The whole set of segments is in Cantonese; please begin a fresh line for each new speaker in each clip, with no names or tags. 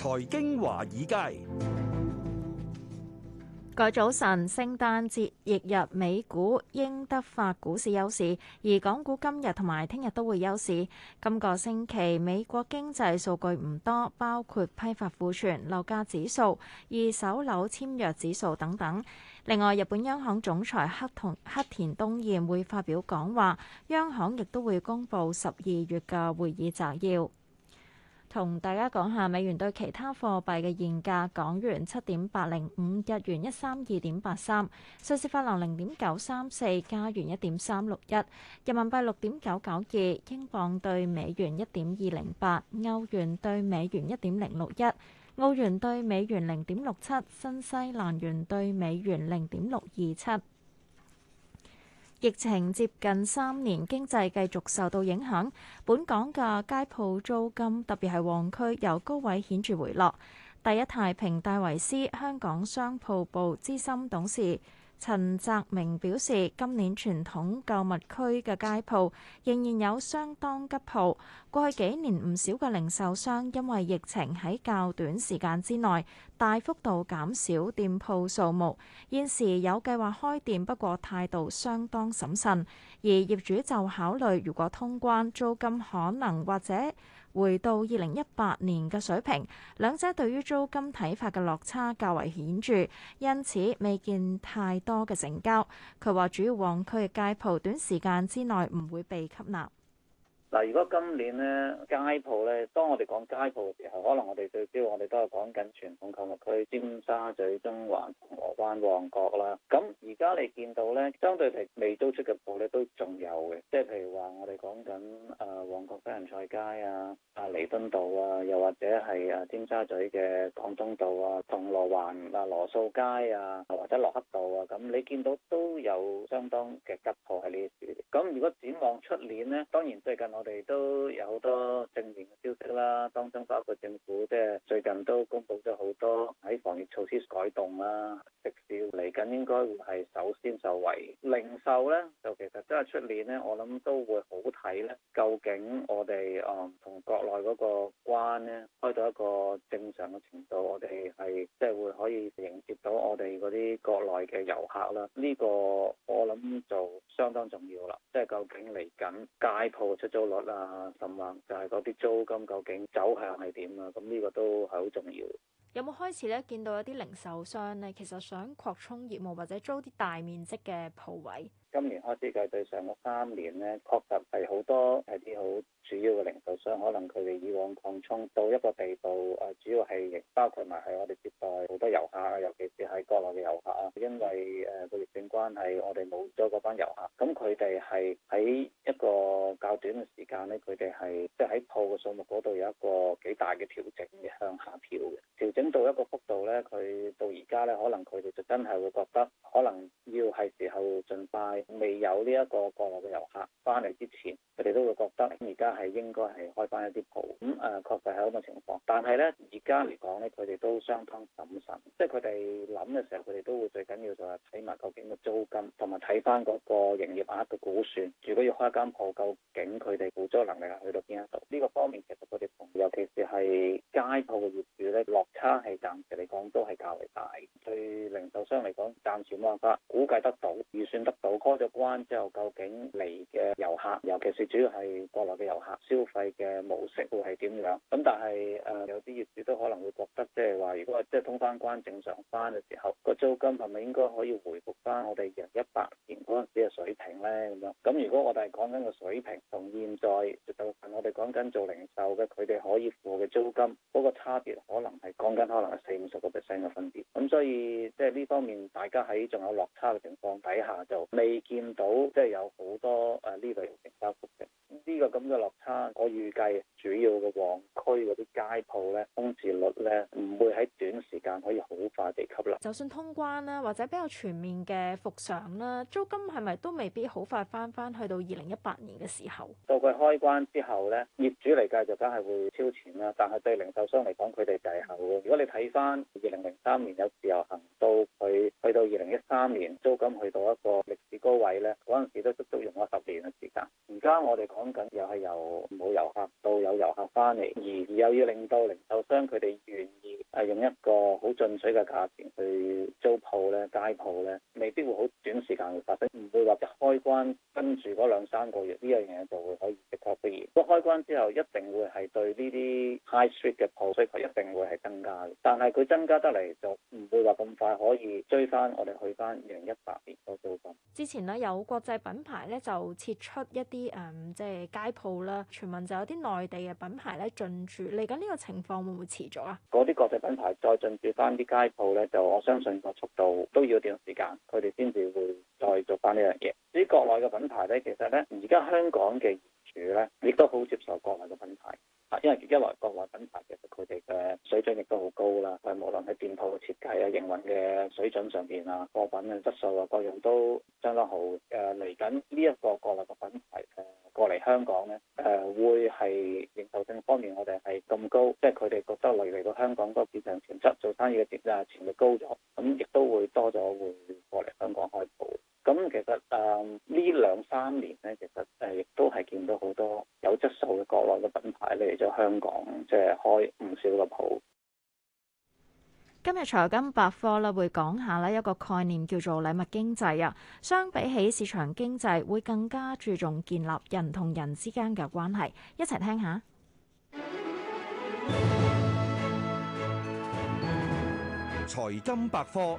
財經華
爾街，各位早晨，聖誕節翌日，美股、英德法股市休市，而港股今日同埋聽日都會休市。今個星期美國經濟數據唔多，包括批發庫存、樓價指數、二手樓簽約指數等等。另外，日本央行總裁黑同黑田東彥會發表講話，央行亦都會公布十二月嘅會議摘要。同大家講下美元對其他貨幣嘅現價：港元七點八零五，日元一三二點八三，瑞士法郎零點九三四，加元一點三六一，人民幣六點九九二，英鎊對美元一點二零八，歐元對美元一點零六一，澳元對美元零點六七，新西蘭元對美元零點六二七。疫情接近三年，經濟繼續受到影響，本港嘅街鋪租金，特別係旺區，由高位顯著回落。第一太平戴維斯香港商鋪部資深董事陳澤明表示，今年傳統購物區嘅街鋪仍然有相當吉舖。過去幾年唔少嘅零售商因為疫情喺較短時間之內。大幅度減少店鋪數目，現時有計劃開店，不過態度相當審慎。而業主就考慮，如果通關，租金可能或者回到二零一八年嘅水平。兩者對於租金睇法嘅落差較為顯著，因此未見太多嘅成交。佢話：主要旺區嘅街鋪短時間之內唔會被吸納。
嗱，如果今年咧街鋪咧，當我哋講街鋪嘅時候，可能我哋最主要，我哋都係講緊傳統購物區，尖沙咀、中環、銅鑼灣、旺角啦。咁而家你見到咧，相對嚟未租出嘅鋪咧都仲有嘅，即係譬如話我哋講緊誒旺角西洋菜街啊、啊彌敦道啊，又或者係誒尖沙咀嘅廣東道啊、銅鑼灣啊羅素街啊，或者洛克道啊，咁你見到都有。相當嘅急挫係呢啲事，咁如果展望出年咧，當然最近我哋都有好多正面嘅消息啦，當中包括政府即係最近都公布咗好多。喺防疫措施改動啦，食肆嚟緊應該會係首先受惠。零售呢，就其實真係出年呢，我諗都會好睇咧。究竟我哋誒同國內嗰個關咧開到一個正常嘅程度，我哋係即係會可以迎接到我哋嗰啲國內嘅遊客啦。呢個我諗就相當重要啦。即係究竟嚟緊街鋪出租率啊，甚或就係嗰啲租金究竟走向係點啊？咁呢個都係好重要。
有冇開始咧？見到有啲零售商咧，其實想擴充業務，或者租啲大面積嘅鋪位。
今年開始計對上個三年咧，確實係好多係啲好主要嘅零售商，可能佢哋以往擴充到一個地步。啊、呃，主要係亦包括埋係我哋接待好多遊客啊，尤其是係國內嘅遊客啊。因為誒個疫情關係，我哋冇咗嗰班遊客，咁佢哋係喺一個較短嘅時間咧，佢哋係即係喺鋪嘅數目嗰度有一個幾大嘅調整嘅向下調嘅調整到一個幅度呢，佢到而家呢，可能佢哋就真係會覺得，可能要係時候儘快。未有呢一個國內嘅遊客翻嚟之前，佢哋都會覺得而家係應該係開翻一啲鋪，咁、嗯、啊、呃、確實係咁嘅情況。但係咧，而家嚟講咧，佢哋都相當謹慎,慎，即係佢哋諗嘅時候，佢哋都會最緊要就係睇埋究竟嘅租金，同埋睇翻嗰個營業額嘅估算。如果要開一間鋪，究竟佢哋補租能力係去到邊一度？呢、這個方面其實佢哋同尤其是係街鋪嘅業主咧，落差係暫時嚟講都係較為大，對零售。冇辦法估計得到預算得到開咗關之後，究竟嚟嘅遊客，尤其是主要係國內嘅遊客，消費嘅模式會係點樣？咁但係誒、呃，有啲業主都可能會覺得，即係話如果即係通翻關正常翻嘅時候，個租金係咪應該可以回復翻我哋二零一八年嗰陣時嘅水平呢？咁樣咁如果我哋講緊個水平，同現在就問我哋講緊做零售嘅，佢哋可以付嘅租金嗰個差別，可能係講緊可能，五十個 percent 嘅分別，咁所以即係呢方面，大家喺仲有落差嘅情況底下，就未見到即係有好多誒呢、啊呢類成交收復嘅。呢個咁嘅落差，我預計主要嘅旺區嗰啲街鋪咧，空置率咧，唔會喺短時間可以好快地吸納。
就算通關啦、啊，或者比較全面嘅復常啦，租金係咪都未必好快翻翻去到二零一八年嘅時候？
到佢、嗯、開關之後咧，業主嚟計就梗係會超前啦、啊，但係對零售商嚟講，佢哋計後嘅。如果你睇翻。二零零三年有自由行，到去去到二零一三年，租金去到一個歷史高位咧，嗰陣時都足足用咗十年嘅時間。而家我哋講緊又係由冇遊客到有遊客翻嚟，而又要令到零售商佢哋願意係用一個好進取嘅價錢去租鋪咧、街鋪咧，未必會好短時間會發生，唔會話一開關跟住嗰兩三個月呢樣嘢就會可以確實現。不過開關之後一定會係對呢啲 high street 嘅鋪所以佢一定。加得嚟就唔會話咁快可以追翻，我哋去翻二零一八年嗰度
之前呢，有國際品牌咧就撤出一啲誒，即、嗯、係、就是、街鋪啦。傳聞就有啲內地嘅品牌咧進駐，嚟緊呢個情況會唔會持續啊？
嗰啲國際品牌再進駐翻啲街鋪咧，就我相信個速度都要一段時間，佢哋先至會再做翻呢樣嘢。至於國內嘅品牌咧，其實咧而家香港嘅業主咧，亦都好接受國內嘅品牌。因為一來國內品牌其實佢哋嘅水準亦都好高啦，無論喺店鋪嘅設計啊、營運嘅水準上邊啊、貨品嘅質素啊，各樣都相當好嘅。嚟緊呢一個國內嘅品牌誒、啊、過嚟香港咧，誒、啊、會係認受性方面我哋係咁高，即係佢哋覺得嚟嚟到香港個市場潛質做生意嘅潛質係潛力高咗，咁亦都會多咗會過嚟香港開鋪。咁其實誒呢、啊、兩三年咧，其實～質素嘅國內嘅品牌嚟咗香港，即係開唔少嘅鋪。
今日財金百科呢會講一下呢一個概念叫做禮物經濟啊。相比起市場經濟，會更加注重建立人同人之間嘅關係。一齊聽一下。
財金百科。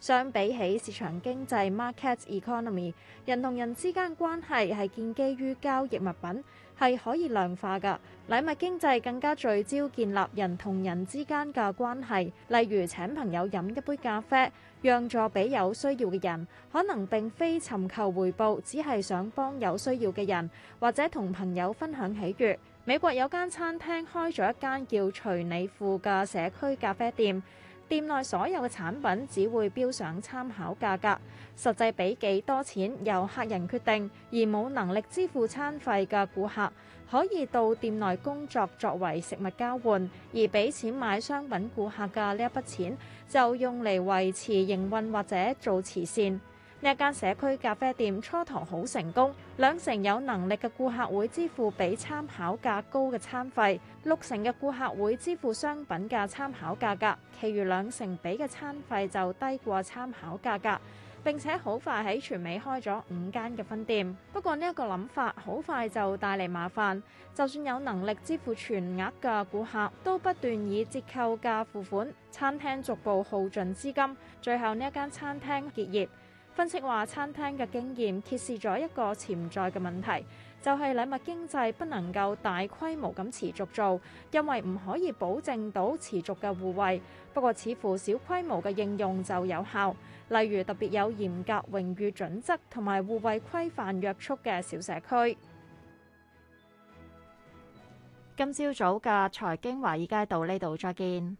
相比起市場經濟 （market economy），人同人之間關係係建基於交易物品，係可以量化嘅。禮物經濟更加聚焦建立人同人之間嘅關係，例如請朋友飲一杯咖啡，讓座俾有需要嘅人，可能並非尋求回報，只係想幫有需要嘅人，或者同朋友分享喜悅。美國有間餐廳開咗一間叫「隨你富」嘅社區咖啡店。店內所有嘅產品只會標上參考價格，實際俾幾多錢由客人決定。而冇能力支付餐費嘅顧客可以到店內工作作為食物交換，而俾錢買商品顧客嘅呢一筆錢就用嚟維持營運或者做慈善。呢一間社區咖啡店初頭好成功，兩成有能力嘅顧客會支付比參考價高嘅餐費，六成嘅顧客會支付商品價參考價格，其餘兩成畀嘅餐費就低過參考價格。並且好快喺全美開咗五間嘅分店。不過呢一個諗法好快就帶嚟麻煩，就算有能力支付全額嘅顧客都不斷以折扣價付款，餐廳逐步耗盡資金，最後呢一間餐廳結業。分析話餐廳嘅經驗揭示咗一個潛在嘅問題，就係、是、禮物經濟不能夠大規模咁持續做，因為唔可以保證到持續嘅護衛。不過似乎小規模嘅應用就有效，例如特別有嚴格榮譽準則同埋護衛規範約束嘅小社區。今朝早嘅財經華爾街到呢度再見。